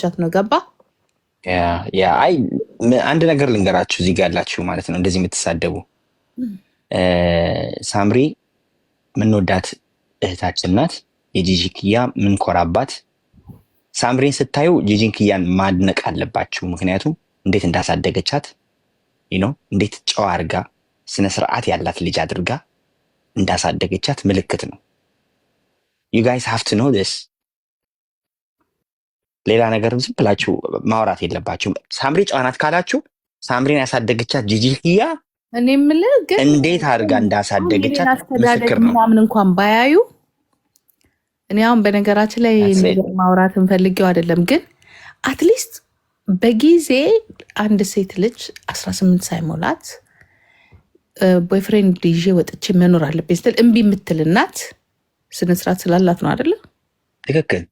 ቻት ነው ገባ። አይ አንድ ነገር ልንገራችሁ፣ እዚህ ጋ ያላችሁ ማለት ነው እንደዚህ የምትሳደቡ ሳምሪ ምንወዳት እህታችን ናት። የጂጂ ክያ ምንኮራባት። ሳምሪን ስታዩ ጂጂን ክያን ማድነቅ አለባችሁ። ምክንያቱም እንዴት እንዳሳደገቻት ነው እንዴት ጨዋ አድርጋ ስነ ስርዓት ያላት ልጅ አድርጋ እንዳሳደገቻት ምልክት ነው። ዩ ጋይስ ሀቭ ኖ ሌላ ነገርም ዝም ብላችሁ ማውራት የለባችሁም። ሳምሪ ጨዋናት ካላችሁ ሳምሪን ያሳደገቻት ጂጂያ እኔ የምልህ ግን እንዴት አድርጋ እንዳሳደገቻት ምስክር ነው። ምናምን እንኳን ባያዩ እኔ አሁን በነገራችን ላይ ማውራት እንፈልገው አይደለም፣ ግን አትሊስት በጊዜ አንድ ሴት ልጅ አስራ ስምንት ሳይሞላት ቦይፍሬንድ ይዤ ወጥቼ መኖር አለብኝ ስትል እምቢ የምትል እናት ስነስርዓት ስላላት ነው አይደለም? ትክክል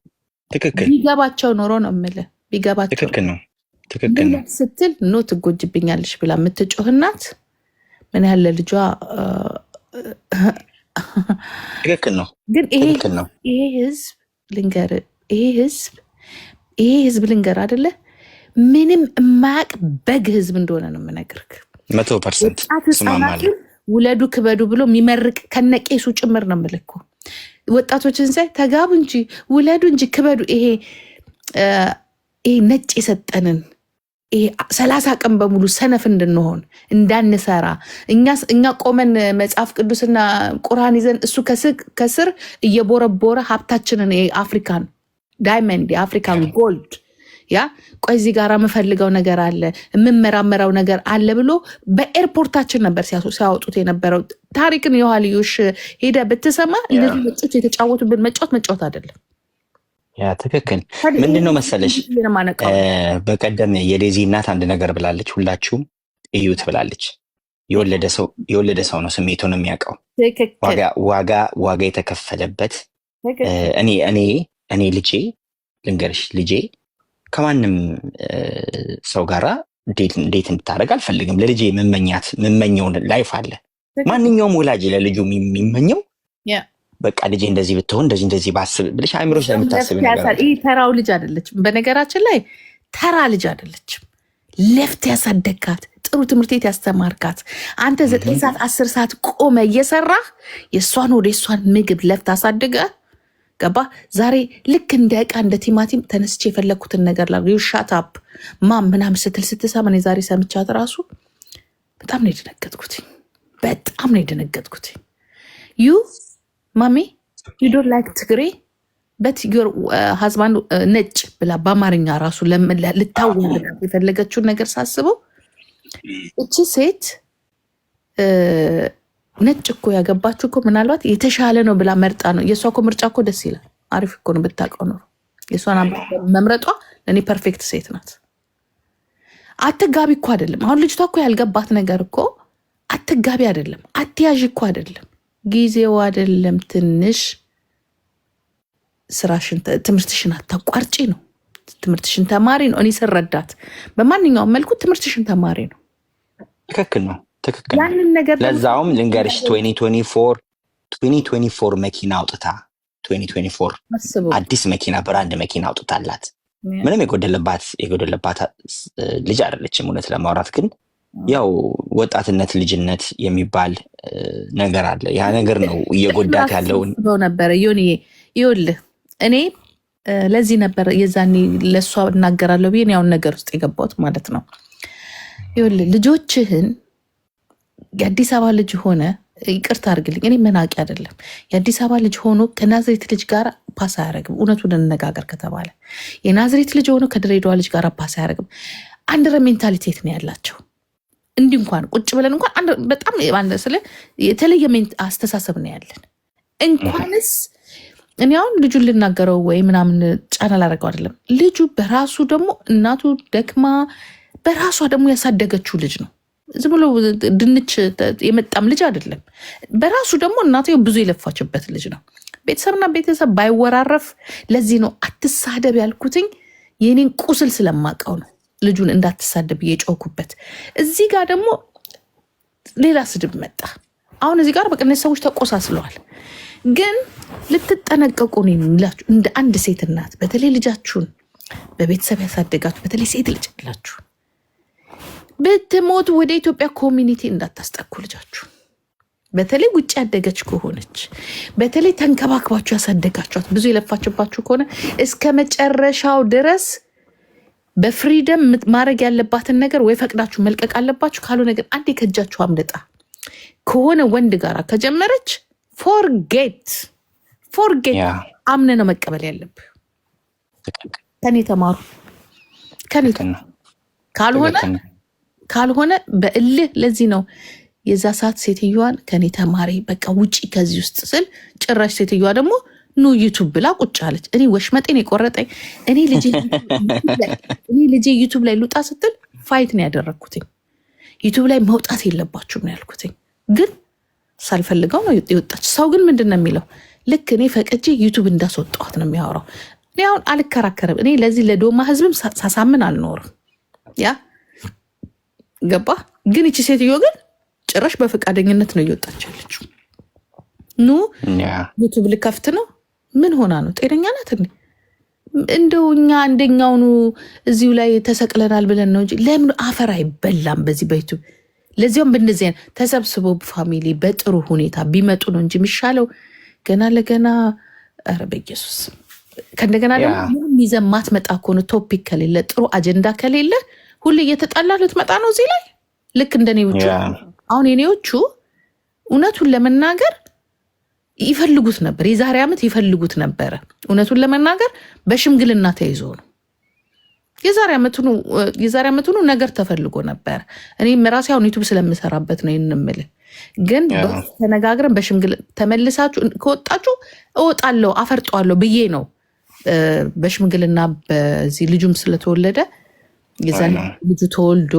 ትክክል ቢገባቸው ኖሮ ነው የምልህ ቢገባቸው ትክክል ነው ትክክል ነው ስትል ኖ ትጎጅብኛለሽ ብላ የምትጮህ ምን ያህል ለልጇ ትክክል ነው። ግን ይሄ ህዝብ ልንገር ይሄ ህዝብ ይሄ ህዝብ ልንገር አደለ ምንም የማያቅ በግ ህዝብ እንደሆነ ነው የምነግርህ። መቶ ፐርሰንት ውለዱ ክበዱ ብሎ የሚመርቅ ከነቄሱ ጭምር ነው የምልህ እኮ ወጣቶችን ሳይ ተጋቡ እንጂ ውለዱ እንጂ ክበዱ። ይሄ ይሄ ነጭ የሰጠንን ይሄ ሰላሳ ቀን በሙሉ ሰነፍ እንድንሆን እንዳንሰራ እኛ ቆመን መጽሐፍ ቅዱስና ቁርአን ይዘን እሱ ከስር እየቦረቦረ ሀብታችንን አፍሪካን ዳይመንድ የአፍሪካን ጎልድ ያ ቆይ እዚህ ጋር የምፈልገው ነገር አለ የምመራመረው ነገር አለ ብሎ በኤርፖርታችን ነበር ሲያወጡት የነበረው ታሪክን የኋልዮሽ ሄደ ብትሰማ እነዚህ መጮች የተጫወቱብን መጫወት መጫወት አይደለም። ያ ትክክል ምንድን ነው መሰለሽ፣ በቀደም የዴዚ እናት አንድ ነገር ብላለች፣ ሁላችሁም እዩት ብላለች። የወለደ ሰው ነው ስሜቱን የሚያውቀው ዋጋ ዋጋ የተከፈለበት እኔ እኔ እኔ ልጄ ልንገርሽ ልጄ ከማንም ሰው ጋራ እንዴት እንድታደረግ አልፈልግም። ለልጄ መመኛት መመኘው ላይፍ አለ። ማንኛውም ወላጅ ለልጁ የሚመኘው በቃ ልጄ እንደዚህ ብትሆን እንደዚህ እንደዚህ ባስብ ብለሽ አእምሮች ለምታስብ ተራው ልጅ አይደለችም። በነገራችን ላይ ተራ ልጅ አይደለችም። ለፍት ያሳደግካት ጥሩ ትምህርት ቤት ያስተማርካት አንተ ዘጠኝ ሰዓት አስር ሰዓት ቆመ እየሰራህ የእሷን ወደ የእሷን ምግብ ለፍት አሳድገህ ገባ ዛሬ ልክ እንደ ዕቃ እንደ ቲማቲም ተነስቼ የፈለግኩትን ነገር ላ ዩሻታፕ ማም ምናም ስትል ስትሰማ እኔ ዛሬ ሰምቻት ራሱ በጣም ነው የደነገጥኩት። በጣም ነው የደነገጥኩት። ዩ ማሚ ዩ ዶንት ላይክ ትግሬ በት ዮር ሀዝባንድ ነጭ ብላ በአማርኛ ራሱ ልታወቅ የፈለገችውን ነገር ሳስበው እቺ ሴት ነጭ እኮ ያገባችሁ እኮ ምናልባት የተሻለ ነው ብላ መርጣ ነው። የእሷ እኮ ምርጫ እኮ ደስ ይላል። አሪፍ እኮ ነው ብታውቀው ኖሮ የእሷን መምረጧ ለእኔ ፐርፌክት ሴት ናት። አትጋቢ እኮ አይደለም። አሁን ልጅቷ እኮ ያልገባት ነገር እኮ አትጋቢ አይደለም፣ አትያዥ እኮ አይደለም፣ ጊዜው አይደለም። ትንሽ ስራሽን ትምህርትሽን አታቋርጪ ነው። ትምህርትሽን ተማሪ ነው። እኔ ስረዳት በማንኛውም መልኩ ትምህርትሽን ተማሪ ነው። ትክክል ነው። ትክክል። ለዛውም ልንገርሽ 2024 መኪና አውጥታ ትዌንቲ አዲስ መኪና ብራንድ መኪና አውጥታላት ምንም የጎደለባት የጎደለባት ልጅ አይደለችም። እውነት ለማውራት ግን ያው ወጣትነት ልጅነት የሚባል ነገር አለ። ያ ነገር ነው እየጎዳት ያለውን ነበረ ሆን ይኸውልህ እኔ ለዚህ ነበር የዛኔ ለእሷ እናገራለሁ ብዬን ያውን ነገር ውስጥ የገባት ማለት ነው። ይኸውልህ ልጆችህን የአዲስ አበባ ልጅ ሆነ ይቅርታ አድርግልኝ፣ እኔ መናቂ አይደለም። የአዲስ አበባ ልጅ ሆኖ ከናዝሬት ልጅ ጋር ፓስ አያደርግም። እውነቱን እንነጋገር ከተባለ የናዝሬት ልጅ ሆኖ ከድሬዳዋ ልጅ ጋር ፓስ አያደርግም። አንድ ሜንታሊቴት ነው ያላቸው። እንዲህ እንኳን ቁጭ ብለን እንኳን በጣም ስለ የተለየ አስተሳሰብ ነው ያለን። እንኳንስ እኔ አሁን ልጁን ልናገረው ወይ ምናምን ጫና ላደረገው አይደለም። ልጁ በራሱ ደግሞ እናቱ ደክማ በራሷ ደግሞ ያሳደገችው ልጅ ነው ዝም ብሎ ድንች የመጣም ልጅ አይደለም። በራሱ ደግሞ እናትየው ብዙ የለፋችበት ልጅ ነው። ቤተሰብና ቤተሰብ ባይወራረፍ፣ ለዚህ ነው አትሳደብ ያልኩትኝ የኔን ቁስል ስለማውቀው ነው። ልጁን እንዳትሳደብ እየጮኩበት እዚህ ጋር ደግሞ ሌላ ስድብ መጣ። አሁን እዚህ ጋር በቃ ሰዎች ተቆሳስለዋል። ግን ልትጠነቀቁ እንደ አንድ ሴት እናት፣ በተለይ ልጃችሁን በቤተሰብ ያሳደጋችሁ፣ በተለይ ሴት ልጅ አላችሁ ብትሞት ወደ ኢትዮጵያ ኮሚኒቲ እንዳታስጠኩ ልጃችሁ። በተለይ ውጭ ያደገች ከሆነች በተለይ ተንከባክባችሁ ያሳደጋችኋት ብዙ የለፋችባችሁ ከሆነ እስከ መጨረሻው ድረስ በፍሪደም ማድረግ ያለባትን ነገር ወይ ፈቅዳችሁ መልቀቅ አለባችሁ። ካልሆነ ግን አንዴ ከእጃችሁ አምልጣ ከሆነ ወንድ ጋር ከጀመረች ፎርጌት ፎርጌት አምነ ነው መቀበል ያለብህ። ከኔ ተማሩ ከኔ ካልሆነ ካልሆነ በእልህ ለዚህ ነው የዛ ሰዓት ሴትዮዋን ከኔ ተማሪ በቃ ውጪ ከዚህ ውስጥ ስል ጭራሽ ሴትዮዋ ደግሞ ኑ ዩቱብ ብላ ቁጭ አለች። እኔ ወሽመጤን የቆረጠኝ እኔ ልጅ ዩቱብ ላይ ልውጣ ስትል ፋይት ነው ያደረግኩትኝ። ዩቱብ ላይ መውጣት የለባችሁም ነው ያልኩትኝ። ግን ሳልፈልገው ነው የወጣች። ሰው ግን ምንድን ነው የሚለው? ልክ እኔ ፈቅጄ ዩቱብ እንዳስወጣኋት ነው የሚያወራው። እኔ አሁን አልከራከርም። እኔ ለዚህ ለዶማ ህዝብም ሳሳምን አልኖርም ያ ገባ። ግን ይቺ ሴትዮ ግን ጭራሽ በፈቃደኝነት ነው እየወጣች ያለችው። ኑ ዩቱብ ልከፍት ነው። ምን ሆና ነው? ጤነኛ ናት እንዴ? እንደው እኛ አንደኛውኑ እዚሁ ላይ ተሰቅለናል ብለን ነው እንጂ ለምን አፈር አይበላም? በዚህ በዩቱብ ለዚያም በእነዚህ ተሰብስቦ ፋሚሊ በጥሩ ሁኔታ ቢመጡ ነው እንጂ የሚሻለው። ገና ለገና ኧረ በኢየሱስ ከእንደገና ደግሞ ምንም ይዘህ ማትመጣ ከሆነ ቶፒክ ከሌለ ጥሩ አጀንዳ ከሌለ ሁሌ እየተጣላ ልትመጣ ነው እዚህ ላይ ልክ እንደ ኔዎቹ። አሁን የኔዎቹ እውነቱን ለመናገር ይፈልጉት ነበር፣ የዛሬ ዓመት ይፈልጉት ነበረ። እውነቱን ለመናገር በሽምግልና ተይዞ ነው። የዛሬ ዓመቱኑ ነገር ተፈልጎ ነበር። እኔም ራሴ አሁን ዩቱብ ስለምሰራበት ነው ይንምል ግን ተነጋግረን በሽምግል ተመልሳችሁ ከወጣችሁ እወጣለሁ አፈርጠዋለሁ ብዬ ነው በሽምግልና በዚህ ልጁም ስለተወለደ የዛን ልጁ ተወልዶ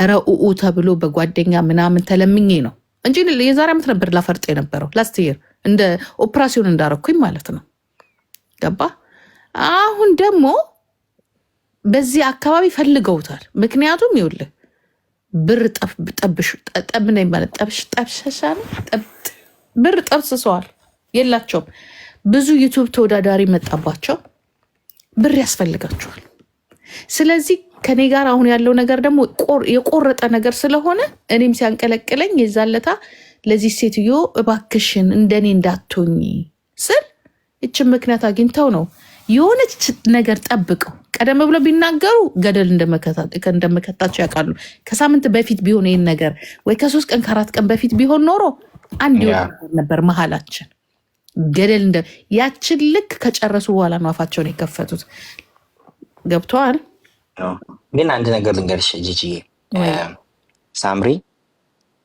ኧረ ኡኡ ተብሎ በጓደኛ ምናምን ተለምኜ ነው እንጂ የዛሬ ዓመት ነበር ላፈርጥ የነበረው ላስት ይር እንደ ኦፕራሲዮን እንዳረኩኝ ማለት ነው። ገባ። አሁን ደግሞ በዚህ አካባቢ ፈልገውታል። ምክንያቱም ይኸውልህ ብር ጠብነ ማለት ብር ጠብስሰዋል፣ የላቸውም። ብዙ ዩቱብ ተወዳዳሪ መጣባቸው። ብር ያስፈልጋቸዋል። ስለዚህ ከኔ ጋር አሁን ያለው ነገር ደግሞ የቆረጠ ነገር ስለሆነ እኔም ሲያንቀለቅለኝ የዛለታ ለዚህ ሴትዮ እባክሽን እንደኔ እንዳትሆኝ ስል ይችን ምክንያት አግኝተው ነው የሆነች ነገር ጠብቀው ቀደም ብሎ ቢናገሩ ገደል እንደመከታቸው ያውቃሉ። ከሳምንት በፊት ቢሆን ይህን ነገር ወይ ከሶስት ቀን ከአራት ቀን በፊት ቢሆን ኖሮ አንድ ሆ ነበር መሀላችን ገደል እንደ ያችን ልክ ከጨረሱ በኋላ ነው አፋቸውን የከፈቱት። ገብተዋል። ግን አንድ ነገር ልንገርሽ ጂጂዬ፣ ሳምሪ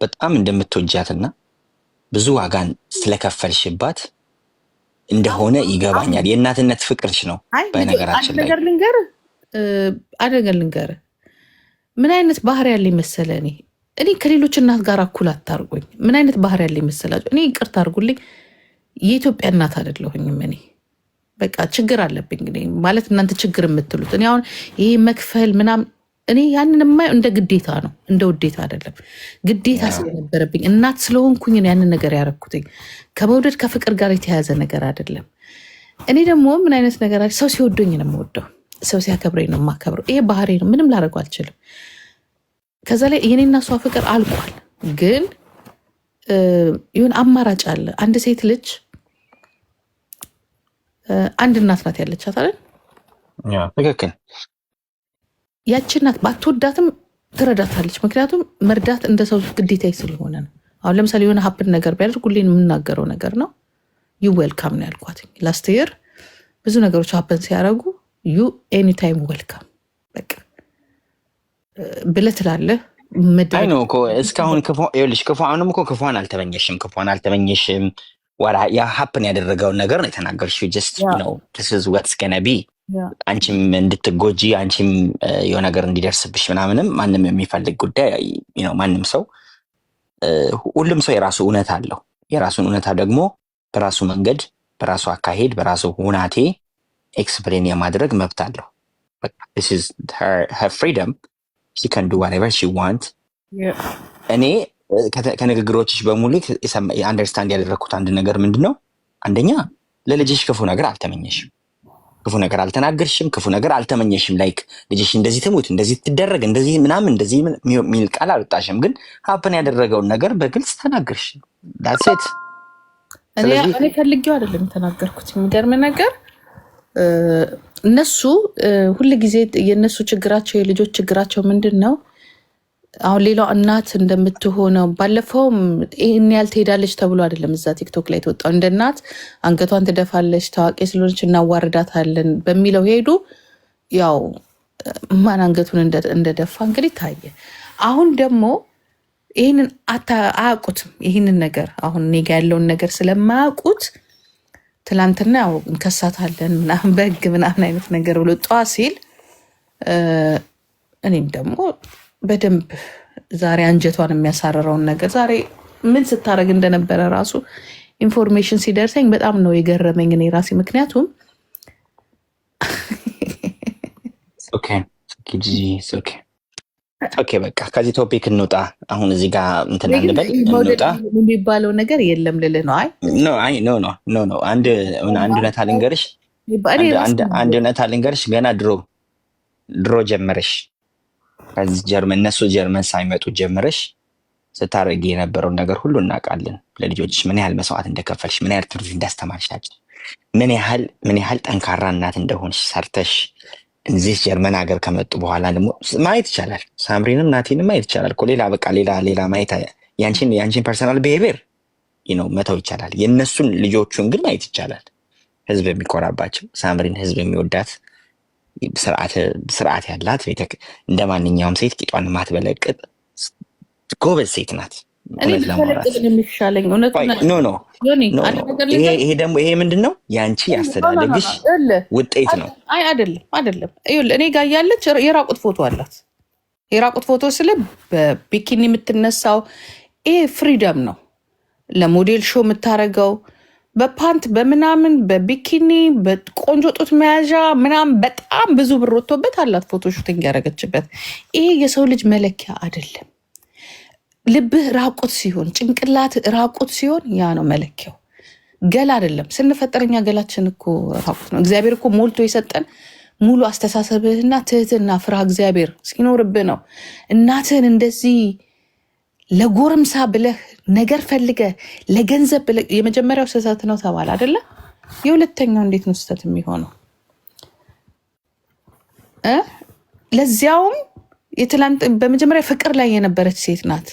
በጣም እንደምትወጃትና ብዙ ዋጋን ስለከፈልሽባት እንደሆነ ይገባኛል። የእናትነት ፍቅርሽ ነው። በነገራችን ላይ አደገር ልንገር ምን አይነት ባህሪ ያለ ይመሰለ እኔ እኔ ከሌሎች እናት ጋር እኩል አታርጎኝ። ምን አይነት ባህሪ ያለ መሰላቸው። እኔ ይቅርታ አርጉልኝ፣ የኢትዮጵያ እናት አይደለሁኝም እኔ በቃ ችግር አለብኝ ማለት እናንተ ችግር የምትሉት እኔ አሁን ይሄ መክፈል ምናምን እኔ ያንን የማየው እንደ ግዴታ ነው፣ እንደ ውዴታ አይደለም። ግዴታ ስለነበረብኝ እናት ስለሆንኩኝ ያንን ነገር ያረኩትኝ ከመውደድ ከፍቅር ጋር የተያያዘ ነገር አይደለም። እኔ ደግሞ ምን አይነት ነገር ሰው ሲወዶኝ ነው የምወደው፣ ሰው ሲያከብረኝ ነው የማከብረው። ይሄ ባህሬ ነው፣ ምንም ላደርገው አልችልም። ከዛ ላይ የኔና እሷ ፍቅር አልቋል፣ ግን ይሁን አማራጭ አለ። አንድ ሴት ልጅ አንድ እናት ናት ያለቻት አይደል? ትክክል። ያቺ እናት ባትወዳትም ትረዳታለች። ምክንያቱም መርዳት እንደ ሰው ግዴታ ስለሆነ ነው። አሁን ለምሳሌ የሆነ ሀፕን ነገር ቢያደርግ ሁሌን የምናገረው ነገር ነው። ዩ ዌልካም ነው ያልኳት። ላስት የር ብዙ ነገሮች ሀፕን ሲያደርጉ ዩ ኤኒታይም ዌልካም በቃ ብለህ ትላለህ። አይ ነው እስካሁን ክፉ ይኸውልሽ፣ ክፉ አሁንም እኮ ክፉን አልተመኘሽም፣ ክፉን አልተመኘሽም ያ ሀፕን ያደረገውን ነገር ነው የተናገርሽው። ጀስት ነው ስ ወትስ ገነ ቢ አንቺም እንድትጎጂ አንቺም የሆነ ነገር እንዲደርስብሽ ምናምንም ማንም የሚፈልግ ጉዳይ ነው። ማንም ሰው ሁሉም ሰው የራሱ እውነት አለው። የራሱን እውነታ ደግሞ በራሱ መንገድ፣ በራሱ አካሄድ፣ በራሱ ሁናቴ ኤክስፕሌን የማድረግ መብት አለው። ፍሪደም ሺ ከን ዱ ዋቴቨር ሺ ዋንት እኔ ከንግግሮችሽ በሙሉ አንደርስታንድ ያደረግኩት አንድ ነገር ምንድን ነው? አንደኛ ለልጅሽ ክፉ ነገር አልተመኘሽም፣ ክፉ ነገር አልተናገርሽም፣ ክፉ ነገር አልተመኘሽም። ላይክ ልጅሽ እንደዚህ ትሙት፣ እንደዚህ ትደረግ፣ እንደዚህ ምናምን እንደዚህ የሚል ቃል አልወጣሽም፣ ግን ሀፕን ያደረገውን ነገር በግልጽ ተናገርሽ። ዳሴት እኔ ፈልጌው አይደለም የተናገርኩት። የሚገርም ነገር እነሱ ጊዜ የእነሱ ችግራቸው የልጆች ችግራቸው ምንድን ነው አሁን ሌላው እናት እንደምትሆነው ባለፈውም ይህን ያህል ትሄዳለች ተብሎ አይደለም እዛ ቲክቶክ ላይ የተወጣው እንደ እናት አንገቷን ትደፋለች፣ ታዋቂ ስለሆነች እናዋርዳታለን በሚለው ሄዱ። ያው ማን አንገቱን እንደደፋ እንግዲህ ታየ። አሁን ደግሞ ይህንን አያውቁትም። ይህንን ነገር አሁን እኔ ጋ ያለውን ነገር ስለማያውቁት ትላንትና ያው እንከሳታለን ምናምን በህግ ምናምን አይነት ነገር ብሎ ጠዋ ሲል እኔም ደግሞ በደንብ ዛሬ አንጀቷን የሚያሳረረውን ነገር ዛሬ ምን ስታደርግ እንደነበረ ራሱ ኢንፎርሜሽን ሲደርሰኝ በጣም ነው የገረመኝ እኔ ራሴ። ምክንያቱም በቃ ከዚህ ቶፒክ እንውጣ። አሁን እዚህ ጋር እንትን አንበል እንውጣ የሚባለው ነገር የለም ልልህ ነው። አይ ኖ ኖ ኖ ኖ አንድ እውነት አልንገርሽ፣ አንድ እውነት አልንገርሽ። ገና ድሮ ድሮ ጀመረሽ ከዚህ ጀርመን እነሱ ጀርመን ሳይመጡ ጀምረሽ ስታደርጊ የነበረውን ነገር ሁሉ እናውቃለን። ለልጆች ምን ያህል መስዋዕት እንደከፈልሽ፣ ምን ያህል ትምህርት እንዳስተማርሻቸው፣ ምን ያህል ምን ያህል ጠንካራ እናት እንደሆንሽ ሰርተሽ እዚህ ጀርመን ሀገር ከመጡ በኋላ ደግሞ ማየት ይቻላል። ሳምሪንም ናቲንም ማየት ይቻላል። ሌላ በቃ ሌላ ሌላ ማየት ያንቺን ፐርሰናል ብሄቪር ነው መተው ይቻላል። የእነሱን ልጆቹን ግን ማየት ይቻላል። ህዝብ የሚኮራባቸው ሳምሪን ህዝብ የሚወዳት ስርዓት ያላት እንደ ማንኛውም ሴት ቂጧን ማትበለቅጥ ጎበዝ ሴት ናት። ይሄ ደግሞ ይሄ ምንድን ነው? የአንቺ ያስተዳደግሽ ውጤት ነው። አይ አይደለም፣ አይደለም። እኔ ጋር ያለች የራቁት ፎቶ አላት። የራቁት ፎቶ ስለ በቢኪኒ የምትነሳው ይሄ ፍሪደም ነው። ለሞዴል ሾው የምታደርገው በፓንት በምናምን በቢኪኒ በቆንጆ ጡት መያዣ ምናምን በጣም ብዙ ብር ወጥቶበት አላት ፎቶሹቲንግ ያደረገችበት። ይሄ የሰው ልጅ መለኪያ አይደለም። ልብህ ራቁት ሲሆን፣ ጭንቅላት ራቁት ሲሆን ያ ነው መለኪያው። ገላ አይደለም። ስንፈጠረኛ ገላችን እኮ ራቁት ነው። እግዚአብሔር እኮ ሞልቶ የሰጠን ሙሉ አስተሳሰብህና ትህትና ፍርሃ እግዚአብሔር ሲኖርብህ ነው እናትህን እንደዚህ ለጎረምሳ ብለህ ነገር ፈልገህ ለገንዘብ ብለህ የመጀመሪያው ስህተት ነው ተባለ አይደለ? የሁለተኛው እንዴት ነው ስህተት የሚሆነው? ለዚያውም የትላንት በመጀመሪያ ፍቅር ላይ የነበረች ሴት ናት።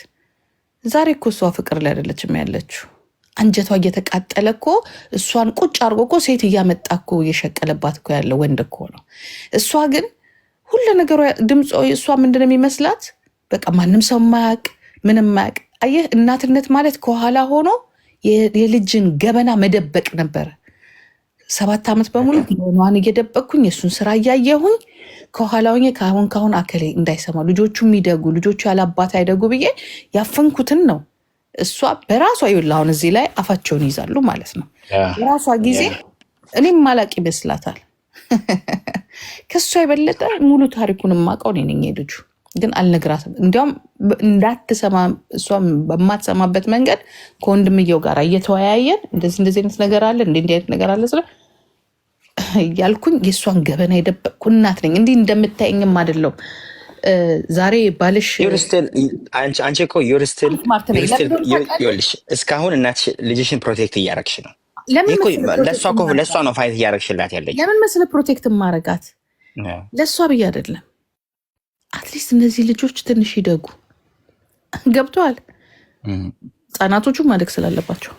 ዛሬ እኮ እሷ ፍቅር ላይ አይደለችም ያለችው። አንጀቷ እየተቃጠለ እኮ እሷን ቁጭ አድርጎ እኮ ሴት እያመጣ እኮ እየሸቀለባት እኮ ያለ ወንድ እኮ ነው። እሷ ግን ሁሉ ነገሯ ድምፅ እሷ ምንድን ነው የሚመስላት? በቃ ማንም ሰው ማያውቅ ምንም ማያቅ። አየህ፣ እናትነት ማለት ከኋላ ሆኖ የልጅን ገበና መደበቅ ነበረ። ሰባት ዓመት በሙሉ ገበናዋን እየደበቅኩኝ የእሱን ስራ እያየሁኝ ከኋላ ሆኜ ካሁን ካሁን አከሌ እንዳይሰማ ልጆቹ የሚደጉ ልጆቹ ያላባት አይደጉ ብዬ ያፈንኩትን ነው። እሷ በራሷ ይኸውልህ አሁን እዚህ ላይ አፋቸውን ይዛሉ ማለት ነው። በራሷ ጊዜ እኔም ማላቅ ይመስላታል። ከእሷ የበለጠ ሙሉ ታሪኩን የማውቀው እኔ ነኝ ልጁ። ግን አልነግራትም። እንዲያውም እንዳትሰማ እሷም በማትሰማበት መንገድ ከወንድምየው ጋር እየተወያየን እንደዚህ እንደዚህ አይነት ነገር አለ እንዲ እንዲህ አይነት ነገር አለ ስለ እያልኩኝ የእሷን ገበና የደበቅኩ እናት ነኝ። እንዲህ እንደምታየኝም አይደለሁም። ዛሬ ባልሽ አንቺ እኮ ዩርስትል እስካሁን እናት ልጅሽን ፕሮቴክት እያረግሽ ነው። ለእሷ ነው ፋይት እያረግሽላት ያለች። ለምን መስለ ፕሮቴክት ማረጋት ለእሷ ብዬ አይደለም አትሊስት እነዚህ ልጆች ትንሽ ይደጉ ገብተዋል። ህጻናቶቹ ማደግ ስላለባቸው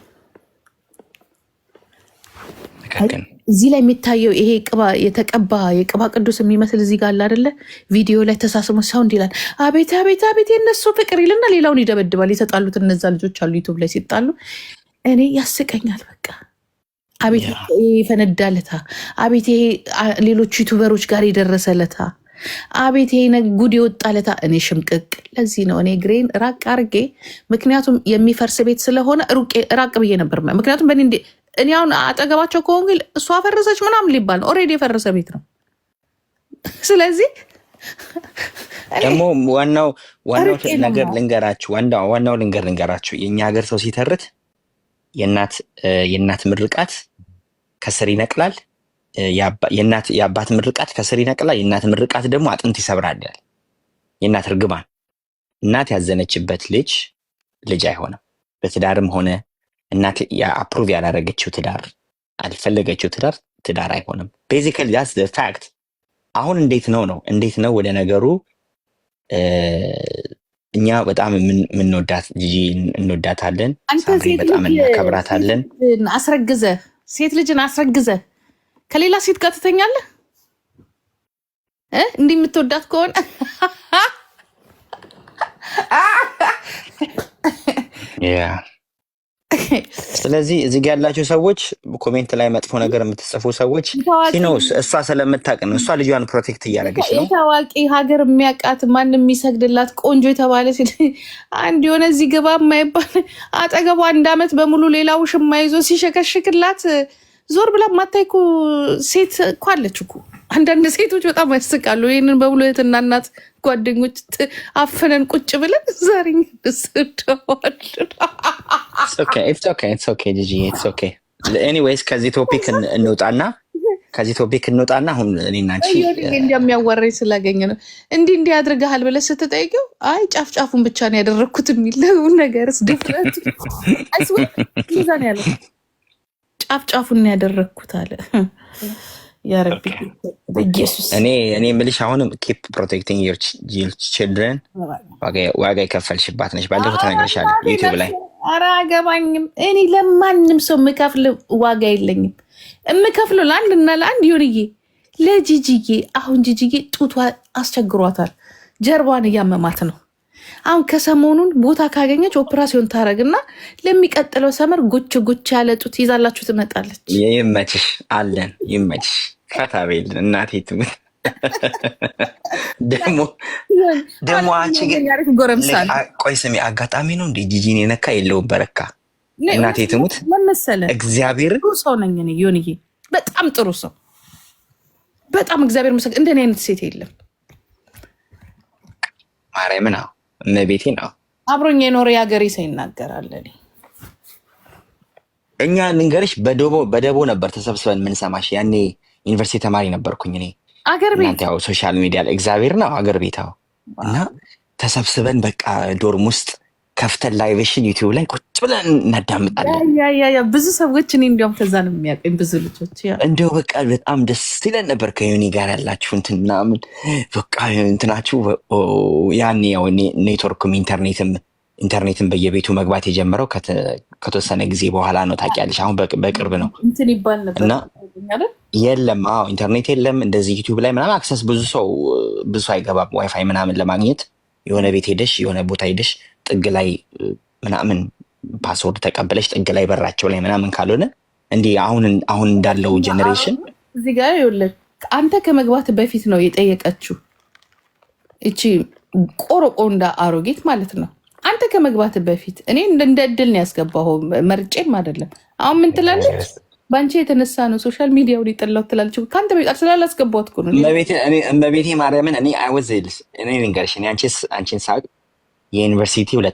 እዚህ ላይ የሚታየው ይሄ ቅባ የተቀባ የቅባ ቅዱስ የሚመስል እዚህ ጋር አለ አይደለ? ቪዲዮ ላይ ተሳስሞ ሳውንድ ይላል። አቤት አቤት አቤት የነሱ ፍቅር ይልና ሌላውን ይደበድባል። የተጣሉት እነዛ ልጆች አሉ ዩቱብ ላይ ሲጣሉ እኔ ያስቀኛል። በቃ አቤት ይሄ ፈነዳለታ፣ አቤት ይሄ ሌሎች ዩቱበሮች ጋር የደረሰለታ አቤት ይሄ ጉድ የወጣለታ። እኔ ሽምቅቅ። ለዚህ ነው እኔ ግሬን ራቅ አርጌ፣ ምክንያቱም የሚፈርስ ቤት ስለሆነ ራቅ ብዬ ነበር። ምክንያቱም በእኔ እንደ እኔ አሁን አጠገባቸው ከሆን ግል እሷ ፈረሰች ምናምን ሊባል ነው። ኦልሬዲ የፈረሰ ቤት ነው። ስለዚህ ደግሞ ዋናው ዋናው ነገር ልንገራችሁ፣ ዋናው ልንገር ልንገራችሁ፣ የእኛ ሀገር ሰው ሲተርት የእናት ምርቃት ከስር ይነቅላል የአባት ምርቃት ከስር ይነቅላል፣ የእናት ምርቃት ደግሞ አጥንት ይሰብራል ይላል የእናት እርግማን። እናት ያዘነችበት ልጅ ልጅ አይሆንም። በትዳርም ሆነ እናት አፕሩቭ ያላረገችው ትዳር አልፈለገችው ትዳር ትዳር አይሆንም። ቤዚካሊ ዳስ ፋክት። አሁን እንዴት ነው ነው እንዴት ነው ወደ ነገሩ እኛ በጣም የምንወዳት ልጅ እንወዳታለን፣ በጣም እናከብራታለን። አስረግዘ ሴት ልጅን አስረግዘ ከሌላ ሴት ጋር ትተኛለህ? እንዲህ የምትወዳት ከሆነ ስለዚህ እዚህ ያላቸው ሰዎች ኮሜንት ላይ መጥፎ ነገር የምትጽፉ ሰዎች ሲኖስ እሷ ስለምታውቅ ነው። እሷ ልጇን ፕሮቴክት እያደረገች ነው። ታዋቂ ሀገር የሚያውቃት ማንም የሚሰግድላት ቆንጆ የተባለ ሲ አንድ የሆነ እዚህ ግባ የማይባል አጠገቧ አንድ አመት በሙሉ ሌላ ውሽማ ይዞ ሲሸከሽክላት ዞር ብላ ማታይ እኮ ሴት እኮ አለች እኮ። አንዳንድ ሴቶች በጣም ያስቃሉ። ይህንን በሙሉ እህትና እናት ጓደኞች አፈነን ቁጭ ብለን ዛሬ ስደዋልኒስ ከዚህ ቶፒክ እንውጣና ከዚህ ቶፒክ እንውጣና አሁን እኔና አንቺ እንደሚያዋራኝ ስላገኘ ነው። እንዲህ እንዲህ አድርገሃል ብለህ ስትጠይቀው አይ ጫፍ ጫፉን ብቻ ነው ያደረግኩት የሚለው ነገር ስደፍረት ዛ ነው ያለው ጫፍ ጫፉን ያደረግኩት አለ እኔ እኔ የምልሽ አሁንም ኪፕ ፕሮቴክቲንግ ዩር ችልድረን ዋጋ የከፈልሽባት ነች። ባለፈው ተነግረሻል ዩቲዩብ ላይ። ኧረ አገባኝም እኔ ለማንም ሰው የምከፍል ዋጋ የለኝም። የምከፍለው ለአንድ እና ለአንድ ይሁንዬ ለጂጂዬ። አሁን ጂጂዬ ጡቷ አስቸግሯታል፣ ጀርባዋን እያመማት ነው። አሁን ከሰሞኑን ቦታ ካገኘች ኦፕራሲዮን ታደርግና ለሚቀጥለው ሰመር ጉች ጉች ያለጡት ይዛላችሁ ትመጣለች። ይመችሽ አለን ይመችሽ። ፈታቤልን እናቴ ትሙት። ደግሞ አንቺ ቆይ ስሜ አጋጣሚ ነው እንደ ጂጂን የነካ የለውም በረካ እናቴ ትሙት መመሰለ እግዚአብሔር ሰው ነኝ እኔ ዮንዬ፣ በጣም ጥሩ ሰው በጣም እግዚአብሔር መሰ እንደኔ አይነት ሴት የለም ማርያምን አሁ እመቤቴ ነው አብሮኝ የኖረ የሀገሬ ሰው ይናገራል። እኛ ልንገርሽ በደቦ ነበር ተሰብስበን ምንሰማሽ። ያኔ ዩኒቨርሲቲ ተማሪ ነበርኩኝ እኔ አገር ቤት ሶሻል ሚዲያ እግዚአብሔር ነው አገር ቤት እና ተሰብስበን በቃ ዶርም ውስጥ ከፍተን ላይቬሽን ዩቲዩብ ላይ ቁጭ ብለን እናዳምጣለን። ብዙ ሰዎች እኔ እንዲያውም ከዛ ነው የሚያውቀኝ ብዙ ልጆች። እንደው በቃ በጣም ደስ ይለን ነበር ከዩኒ ጋር ያላችሁ እንትን ምናምን በቃ እንትናችሁ ያን ያው ኔትወርኩም ኢንተርኔትም ኢንተርኔትን በየቤቱ መግባት የጀመረው ከተወሰነ ጊዜ በኋላ ነው። ታውቂያለሽ፣ አሁን በቅርብ ነው እንትን ይባል ነበር እና የለም። አዎ ኢንተርኔት የለም። እንደዚህ ዩቲዩብ ላይ ምናምን አክሰስ ብዙ ሰው ብዙ አይገባም። ዋይፋይ ምናምን ለማግኘት የሆነ ቤት ሄደሽ የሆነ ቦታ ሄደሽ ጥግ ላይ ምናምን ፓስወርድ ተቀበለች ጥግ ላይ በራቸው ላይ ምናምን ካልሆነ እንዲህ አሁን እንዳለው ጀኔሬሽን እዚህ ጋር ይኸውልህ አንተ ከመግባት በፊት ነው የጠየቀችው። እቺ ቆረቆ እንዳ አሮጌት ማለት ነው። አንተ ከመግባት በፊት እኔ እንደ እድል ነው ያስገባሁ፣ መርጬም አይደለም። አሁን ምን ትላለች? በአንቺ የተነሳ ነው ሶሻል ሚዲያው ሊጠላው ትላለች። ከአንተ በጣም ስላላስገባት እኮ ነው። እመቤቴ ማርያምን እኔ አይወዘልስ እኔ ልንገርሽ አንቺን ሳቅ የዩኒቨርሲቲ